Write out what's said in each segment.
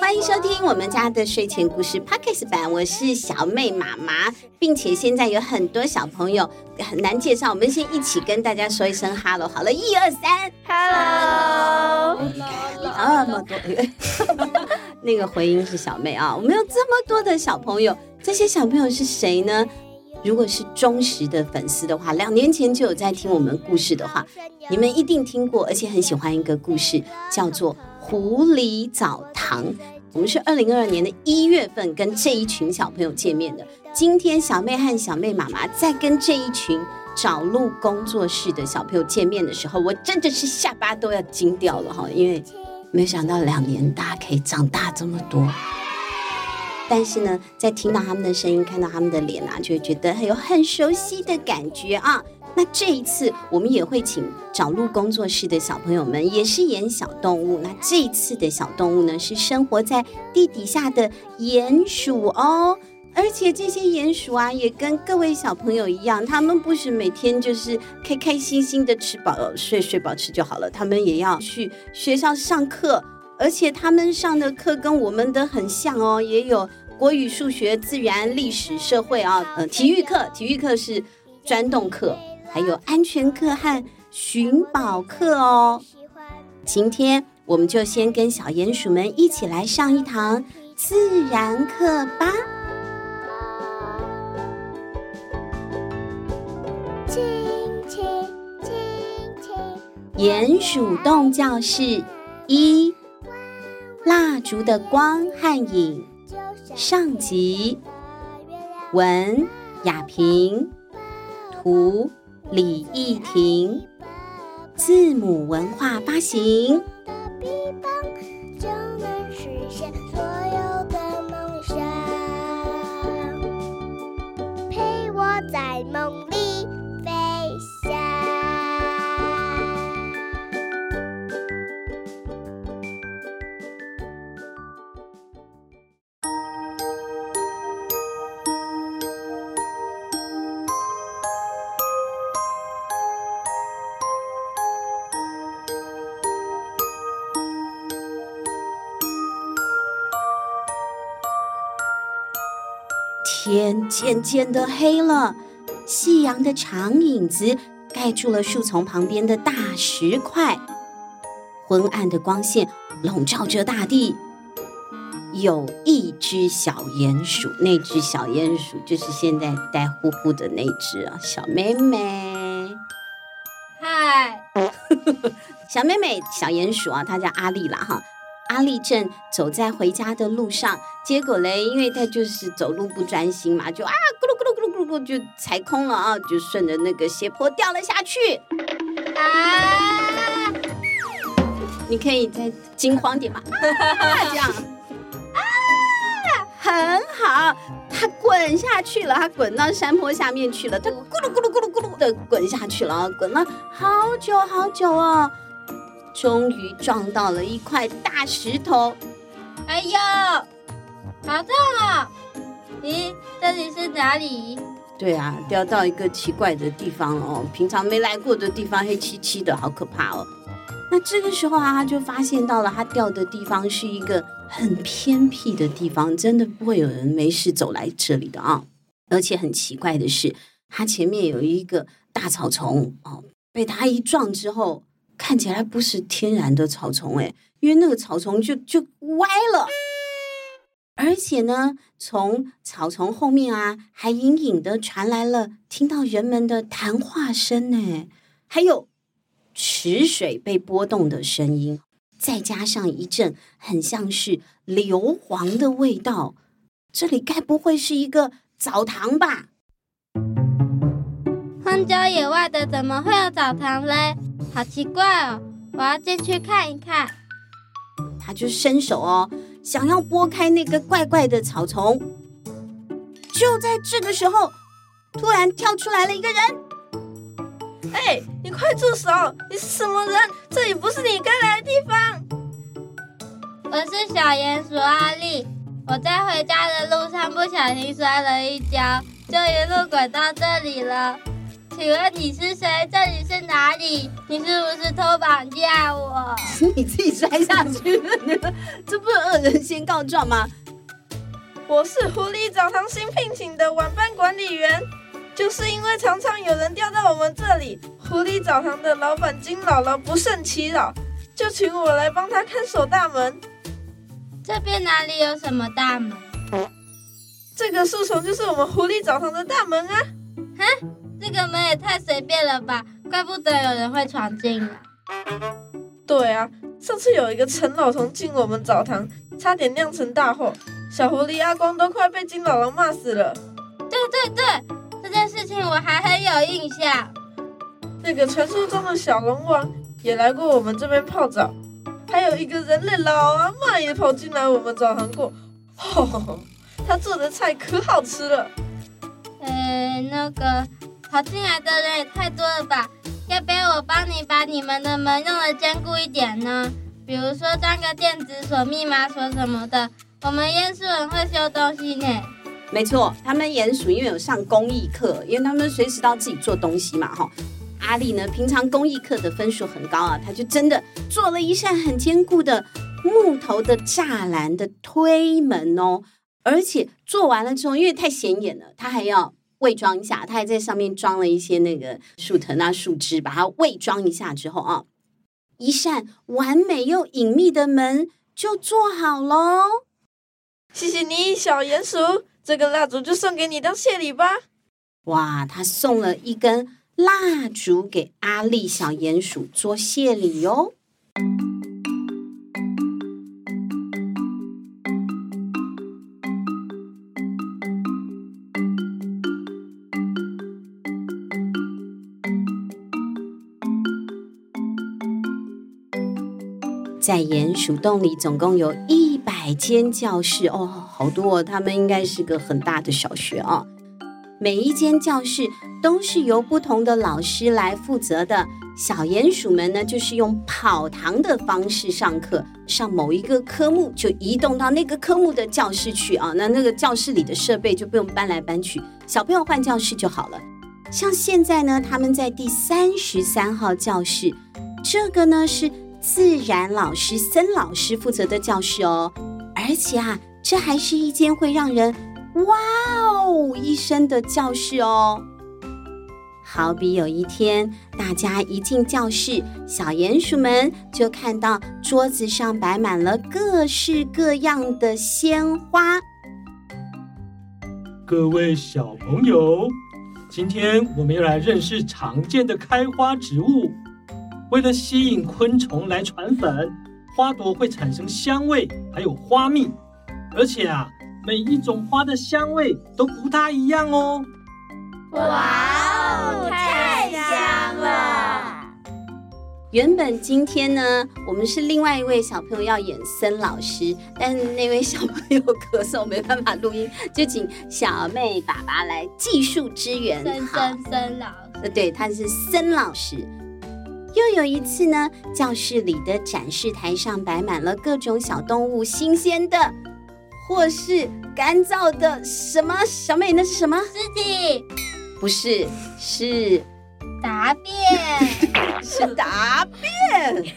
歡迎收聽我們家的睡前故事 Podcast 版，我是小妹媽媽，並且現在有很多小朋友很難介紹，我們先一起跟大家說一聲 Hello，好了，一二三，Hello，那麼多，那個回音是小妹啊，哦，我們有這麼多的小朋友，這些小朋友是誰呢？如果是忠實的粉絲的話，兩年前就有在聽我們故事的話，你們一定聽過，而且很喜歡一個故事，叫做《狐狸澡堂》。我們是二零二二年的一月份跟這一群小朋友見面的。今天小妹和小妹媽媽在跟這一群找路工作室的小朋友見面的時候，我真的是下巴都要驚掉了哈！因為沒想到兩年大家可以長大這麼多。但是呢，在聽到他們的聲音，看到他們的臉呢、啊，就會覺得很有很熟悉的感覺啊。那這一次，我們也會請找路工作室的小朋友們，也是演小動物。那這一次的小動物呢，是生活在地底下的鼴鼠哦。而且這些鼴鼠啊，也跟各位小朋友一樣，他們不是每天就是開開心心的吃飽睡睡飽吃就好了，他們也要去學校上課。而且他們上的課跟我們的很像哦，也有國語、數學、自然、歷史、社會啊，呃，體育課，體育課是鑽洞課，還有安全課和尋寶課哦。今天我們就先跟小鼴鼠們一起來上一堂自然課吧。輕輕輕輕，鼴鼠洞教室一。蠟燭的光和影，上集，文亞平，圖李憶婷，字畝文化發行。漸漸的黑了，夕陽的長影子蓋住了樹叢旁邊的大石塊，昏暗的光線籠罩着大地。有一隻小鼴鼠，那隻小鼴鼠就是現在呆呼呼的那隻啊，小妹妹，嗨，Hi. 小妹妹，小鼴鼠啊，它叫阿力啦，哈。阿力正走在回家的路上，結果嘞，因為他就是走路不專心嘛，就啊咕嚕咕嚕咕嚕咕嚕，就踩空了啊，就順着那個斜坡掉了下去。啊！你可以再驚慌點嘛、啊，這樣。啊！很好，他滾下去了，他滾到山坡下面去了，他咕嚕咕嚕咕嚕咕嚕的滾下去了，滾了好久好久啊、哦。終於撞到了一塊大石頭，哎呦，好痛啊、哦！咦，這裡是哪裡？對啊，掉到一個奇怪的地方哦。平常沒來過的地方，黑漆漆的，好可怕哦。那這個時候啊，他就發現到了他掉的地方是一個很偏僻的地方，真的不會有人沒事走來這裡的啊、哦。而且很奇怪的是，他前面有一個大草叢哦，被他一撞之後，看起來不是天然的草叢哎，因為那個草叢就就歪了，而且呢，從草叢後面啊，還隱隱的傳來了聽到人們的談話聲哎，還有池水被波動的聲音，再加上一陣很像是硫磺的味道，這裡該不會是一個澡堂吧？荒郊野外的怎麼會有澡堂嘞？好奇怪哦，我要進去看一看。他就伸手哦，想要撥開那個怪怪的草叢。就在這個時候，突然跳出來了一個人。哎，你快住手！你是什麼人？這裡不是你該來的地方。我是小鼴鼠阿力，我在回家的路上不小心摔了一跤，就一路滾到這裡了。請問你是誰？這裡是哪裡？你是不是偷綁架我？是 你自己摔下去的， 這不是惡人先告狀嗎？我是狐狸澡堂新聘請的晚班管理員，就是因為常常有人掉到我們這裡，狐狸澡堂的老闆金姥姥不勝其擾，就請我來幫他看守大門。這邊哪裡有什麼大門？這個樹叢就是我們狐狸澡堂的大門啊！哼、啊這個門也太隨便了吧，怪不得有人會闖進來啊。對啊，上次有一個陳老蟲進我們澡堂，差點釀成大禍。小狐狸阿光都快被金姥姥罵死了。對對對，這件事情我還很有印象。那個傳說中的小龍王也來過我們這邊泡澡，還有一個人類老阿嬤也跑進來我們澡堂過。哦，他做的菜可好吃了。嗯，那個。跑進來的人也太多了吧？要不要我幫你把你們的門弄得堅固一點呢？比如說裝個電子鎖、密碼鎖什麼的。我們鼴鼠很會修東西呢。沒錯，他們鼴鼠因為有上公益課，因為他們隨時都自己做東西嘛。哈，阿力呢，平常公益課的分數很高啊，他就真的做了一扇很堅固的木頭的柵欄的推門哦。而且做完了之後，因為太顯眼了，他還要。偽裝一下，他還在上面裝了一些那個樹藤啊、樹枝，把它偽裝一下之後啊、哦，一扇完美又隱秘的門就做好嘍。謝謝你，小鼴鼠，這個蠟燭就送給你當謝禮吧。哇，他送了一根蠟燭給阿力小鼴鼠做謝禮喲、哦。在鼴鼠洞裡，總共有一百間教室哦，好多哦。他們應該是個很大的小學啊、哦。每一間教室都是由不同的老師來負責的。小鼴鼠們呢，就是用跑堂的方式上課，上某一個科目就移動到那個科目的教室去啊、哦。那那個教室裡的設備就不用搬來搬去，小朋友換教室就好了。像現在呢，他們在第三十三號教室，這個呢是。自然老師森老師負責的教室哦，而且啊，這還是一間會讓人哇哦一聲的教室哦。好比有一天大家一進教室，小鼴鼠們就看到桌子上擺滿了各式各樣的鮮花。各位小朋友，今天我們要來認識常見的開花植物。為了吸引昆蟲來傳粉，花朵會產生香味，還有花蜜。而且啊，每一種花的香味都不太一樣哦。哇哦，太香了！原本今天呢，我們是另外一位小朋友要演森老師，但那位小朋友咳嗽沒辦法錄音，就請小妹爸爸來技術支援。森森森老師，對，他是森老師。又有一次呢，教室裡的展示台上擺滿了各種小動物，新鮮的或是乾燥的。什麼？小美，那是什麼？什麼屍體不是，是大便， 是大便。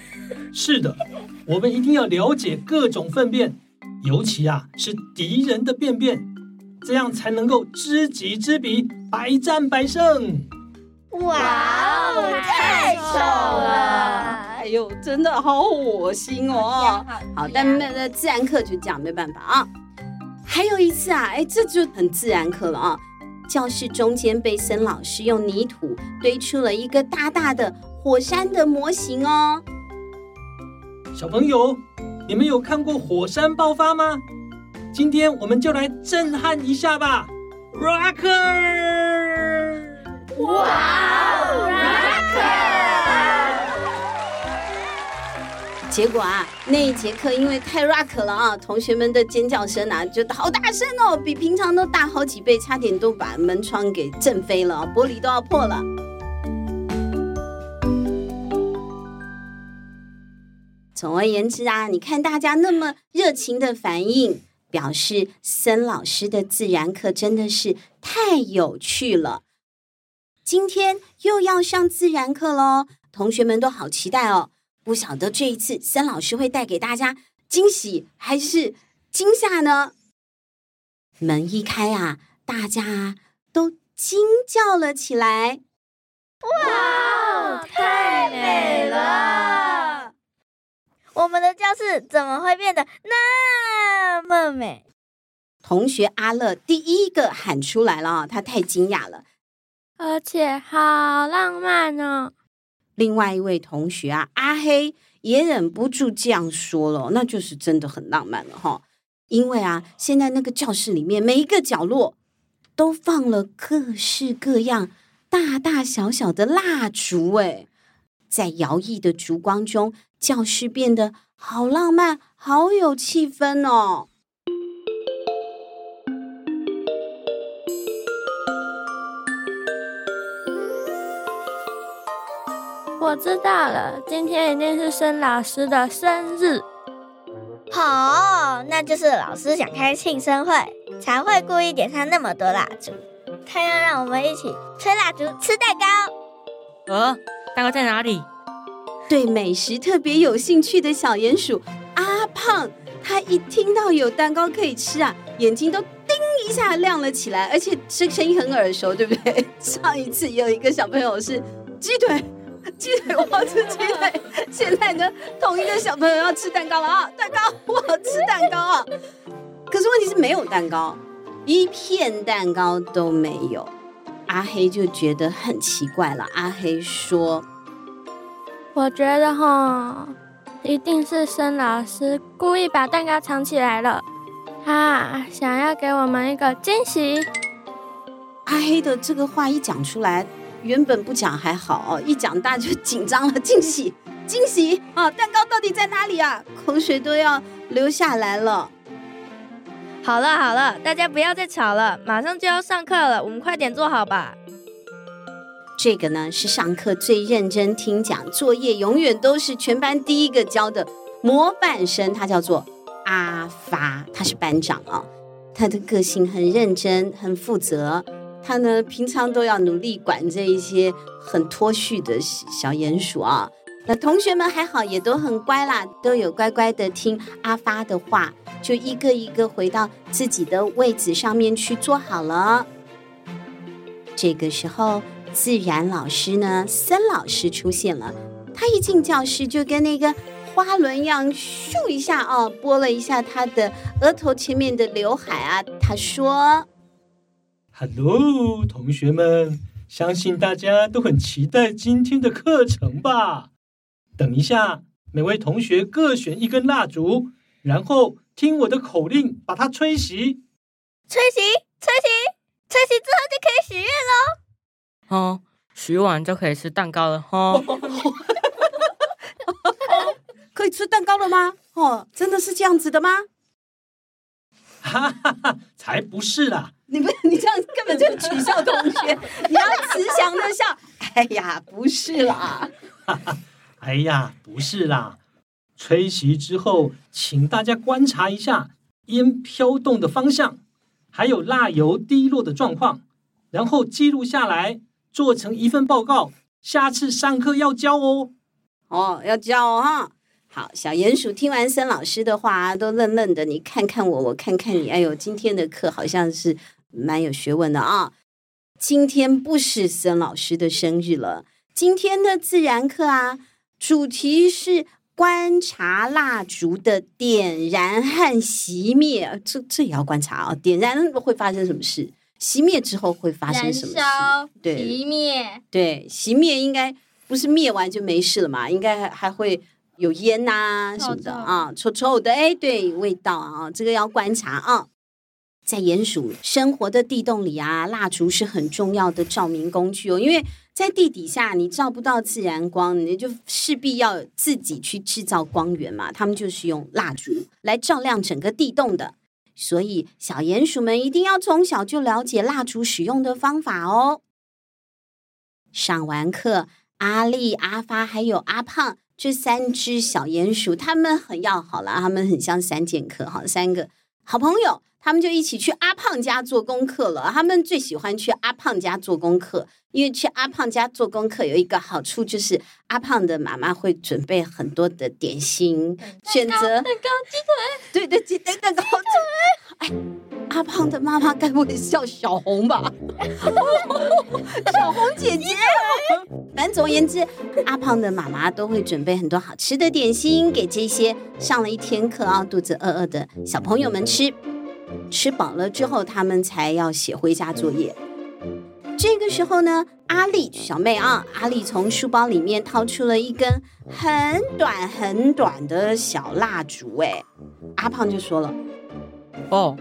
是的，我們一定要了解各種糞便，尤其啊是敵人的便便，這樣才能夠知己知彼，百戰百勝。哇哦，wow，太醜了！了哎呦，真的好惡心哦，哦！Yeah，好，yeah. 但那那自然課就這樣，沒辦法啊、哦。還有一次啊，哎，這就很自然課了啊、哦。教室中間被森老師用泥土堆出了一個大大的火山的模型哦。小朋友，你們有看過火山爆發嗎？今天我們就來震撼一下吧，Rocker！哇、wow，Rock！、Er! 結果啊，那一節課因為太 Rock 了啊，同學們的尖叫聲啊，就好大聲哦，比平常都大好幾倍，差點都把門窗給震飛了，玻璃都要破了。總而言之啊，你看大家那麼熱情的反應，表示森老師的自然課真的是太有趣了。今天又要上自然課嘍，同學們都好期待哦。不曉得這一次森老師會帶給大家驚喜還是驚嚇呢？門一開啊，大家都驚叫了起來。哇哦，太美了！我們的教室怎麼會變得那麼美？同學阿力第一個喊出來了啊，他太驚訝了。而且好浪漫呢、哦！另外一位同學啊，阿黑也忍不住這樣說了，那就是真的很浪漫了哈、哦。因為啊，現在那個教室裡面每一個角落都放了各式各樣、大大小小的蠟燭，哎，在搖曳的燭光中，教室變得好浪漫，好有氣氛哦。我知道了，今天一定是森老師的生日。好，oh, 那就是老師想開慶生會，才會故意點上那麼多蠟燭。他要讓我們一起吹蠟燭、吃蛋糕。哦，oh, 蛋糕在哪裡？對美食特別有興趣的小鼴鼠阿胖，他一聽到有蛋糕可以吃啊，眼睛都叮一下亮了起來。而且這聲音很耳熟，對不對？ 上一次有一個小朋友是雞腿。雞腿，我要吃雞腿！現在呢，同一個小朋友要吃蛋糕了啊！蛋糕，我要吃蛋糕啊！ 可是問題是沒有蛋糕，一片蛋糕都沒有。阿黑就覺得很奇怪了。阿黑說：“我覺得哈，一定是森老師故意把蛋糕藏起來了，他想要給我們一個驚喜。”阿黑的這個話一講出來。原本不講還好，一講大家就緊張了。驚喜，驚喜哦、啊，蛋糕到底在哪裡啊？口水都要流下來了。好了好了，大家不要再吵了，馬上就要上課了，我們快點坐好吧。這個呢是上課最認真聽講，作業永遠都是全班第一個交的模範生，他叫做阿發，他是班長啊、哦。他的個性很認真，很負責。他呢，平常都要努力管這一些很脫序的小鼴鼠啊。那同學們還好，也都很乖啦，都有乖乖的聽阿發的話，就一個一個回到自己的位子上面去坐好了。這個時候，自然老師呢，森老師出現了。他一進教室，就跟那個花輪一樣，咻一下哦、啊，撥了一下他的額頭前面的劉海啊。他說。Hello，同學們，相信大家都很期待今天的課程吧？等一下，每位同學各選一根蠟燭，然後聽我的口令把它吹熄，吹熄，吹熄，吹熄之後就可以許願嘍。哦，許完就可以吃蛋糕了哈！哦、 可以吃蛋糕了嗎？哦，真的是這樣子的嗎？哈哈哈，才不是啦！你不，你這樣根本就是取笑同學。 你要慈祥的笑。哎呀，不是啦。 哎呀，不是啦。吹熄之後，請大家觀察一下煙飄動的方向，還有蠟油滴落的狀況，然後記錄下來，做成一份報告。下次上課要交哦。哦，要交哈、哦。好，小鼴鼠聽完森老師的話，都愣愣的。你看看我，我看看你。哎呦，今天的課好像是，蠻有學問的啊！今天不是森老師的生日了。今天的自然課啊，主題是觀察蠟燭的點燃和熄滅。這這也要觀察啊！點燃會發生什麼事？熄滅之後會發生什麼事？熄滅對，熄滅應該不是滅完就沒事了嘛？應該還還會有煙吶、啊、什麼的啊，臭臭，臭臭的哎，對味道啊，這個要觀察啊。在鼴鼠生活的地洞裡啊，蠟燭是很重要的照明工具哦。因為在地底下你照不到自然光，你就勢必要自己去製造光源嘛。他們就是用蠟燭來照亮整個地洞的，所以小鼴鼠們一定要從小就了解蠟燭使用的方法哦。上完課，阿力、阿發還有阿胖這三隻小鼴鼠，他們很要好了，他們很像三劍客，好，三個好朋友。他們就一起去阿胖家做功課了。他們最喜歡去阿胖家做功課，因為去阿胖家做功課有一個好處，就是阿胖的媽媽會準備很多的點心選擇，蛋糕、雞擇腿，對，對對，雞腿、蛋糕腿。哎，阿胖的媽媽該不會叫小紅吧？ 小紅姐姐。腿反正總而言之，阿胖的媽媽都會準備很多好吃的點心給這些上了一天課啊、肚子餓餓的小朋友們吃。吃飽了之後，他們才要寫回家作業。這個時候呢，阿力小妹啊，阿力從書包裡面掏出了一根很短很短的小蠟燭。誒，阿胖就說了：“哦，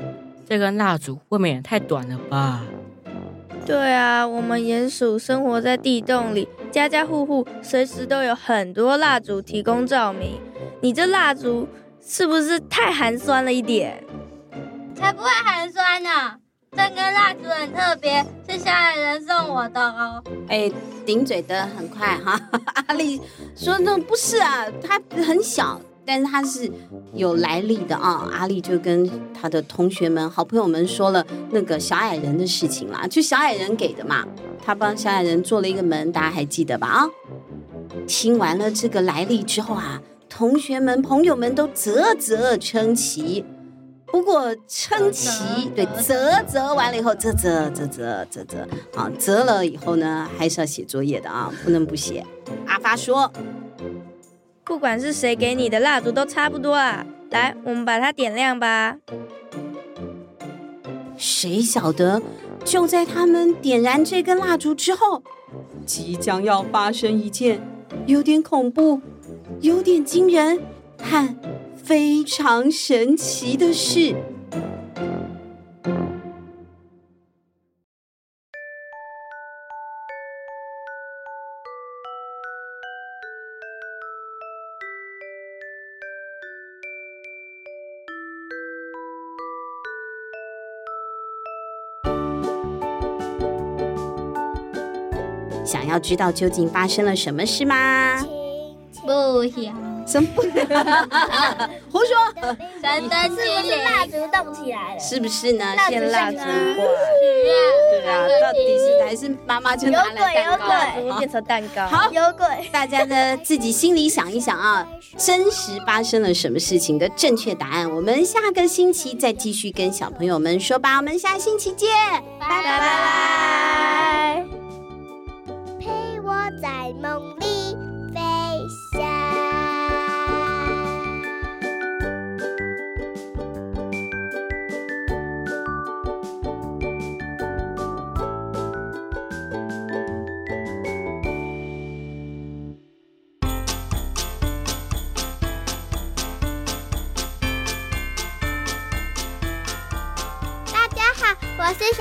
這根蠟燭未免也太短了吧？”對啊，我們鼴鼠生活在地洞裡，家家戶戶隨時都有很多蠟燭提供照明。你這蠟燭是不是太寒酸了一點？還不會寒酸呢、啊，這根蠟燭很特別，是小矮人送我的哦。哎，頂嘴的很快哈、啊，阿力說，那不是啊，他很小，但是他是有來歷的啊。阿力就跟他的同學們、好朋友們說了那個小矮人的事情了，就小矮人給的嘛，他幫小矮人做了一個門，大家還記得吧？啊，聽完了這個來歷之後啊，同學們、朋友們都嘖嘖稱奇。不過撐起，對，折折完了以後，折折折折折折，好、啊，折了以後呢，還是要寫作業的啊，不能不寫。阿發說：“不管是誰給你的蠟燭都差不多啊，來，我們把它點亮吧。”誰曉得？就在他們點燃這根蠟燭之後，即將要發生一件有點恐怖、有點驚人，看。非常神奇的事，想要知道究竟發生了什麼事嗎？不行。真不能， 胡說！是不是蠟燭動起來了，是不是呢？先蠟燭過來，對啊，到底是還是媽媽就拿來蛋糕，變成蛋糕？好，有鬼！大家呢，自己心裡想一想啊，真實發生了什麼事情的正確答案，我們下個星期再繼續跟小朋友們說吧，我們下星期見，拜拜拜拜。陪我在夢裡。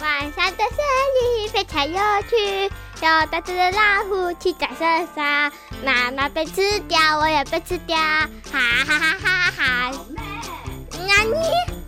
晚上的森林非常有趣，有大隻的老虎，騎在身上，媽媽被吃掉，我也被吃掉，哈哈哈哈！那你妹？